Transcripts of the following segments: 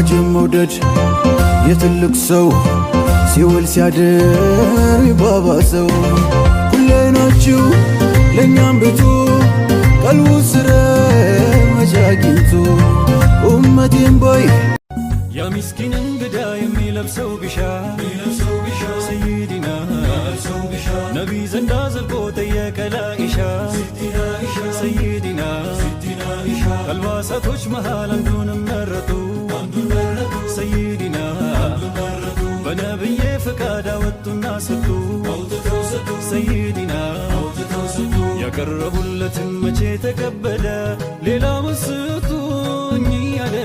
አጀብ መውደድ የትልቅ ሰው ሲውል ሲያድር ባባ ሰው ሁሌ ናችሁ ለእኛም ብቱ ቀልቡ ስረ መጃጊንቱ ኡመቴን ቦይ ያ ምስኪንን ብዳ የሚለብሰው ቢሻ ሰይዲና ነቢ ዘንዳ ዘልቆ ጠየቀ ላኢሻ ሰይዲና አልባሳቶች መሃል አንዱን መረጡ ሰይዲና በነብዬ ፈቃድ አወጡና ሰጡ ሰይዲና ያቀረቡለትን መቼ ተቀበለ ሌላ ምስጡኝ ያለ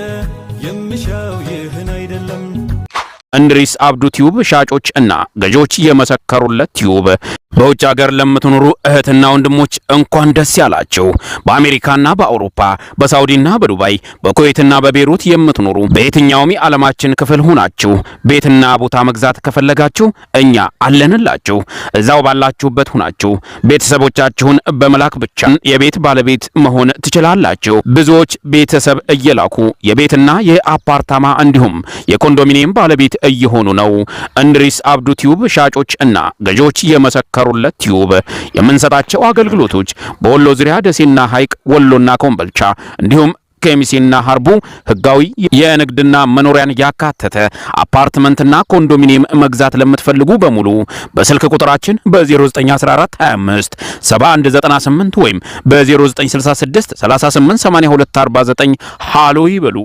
የምሻው ይህን አይደለም። እንድሪስ አብዱ ቲዩብ ሻጮች እና ገዢዎች የመሰከሩለት ቲዩብ በውጭ ሀገር ለምትኖሩ እህትና ወንድሞች እንኳን ደስ ያላችሁ። በአሜሪካና በአውሮፓ በሳውዲና በዱባይ በኩዌትና በቤሩት የምትኖሩ በየትኛውም የዓለማችን ክፍል ሆናችሁ ቤትና ቦታ መግዛት ከፈለጋችሁ እኛ አለንላችሁ። እዛው ባላችሁበት ሆናችሁ ቤተሰቦቻችሁን በመላክ ብቻ የቤት ባለቤት መሆን ትችላላችሁ። ብዙዎች ቤተሰብ እየላኩ የቤትና የአፓርታማ እንዲሁም የኮንዶሚኒየም ባለቤት እየሆኑ ነው። እንድሪስ አብዱ ቲዩብ ሻጮች እና ገዢዎች የመሰከሩ ለተሰማሩለት ቲዩብ የምንሰጣቸው አገልግሎቶች በወሎ ዙሪያ ደሴና ሐይቅ፣ ወሎና ኮምበልቻ እንዲሁም ከሚሴና ሀርቡ ህጋዊ የንግድና መኖሪያን ያካተተ አፓርትመንትና ኮንዶሚኒየም መግዛት ለምትፈልጉ በሙሉ በስልክ ቁጥራችን በ091425 ወይም በ0966 ሃሎ ይበሉ።